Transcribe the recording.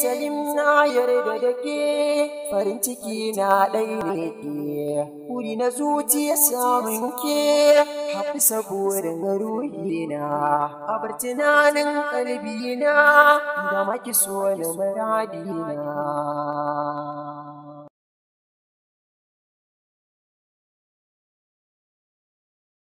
salim na yarda da ke farin ciki na ɗai ne ke wuri na zuciya samun ke hafi saboda garuhi na abar tunanin ƙalbi na da maki so na muradi na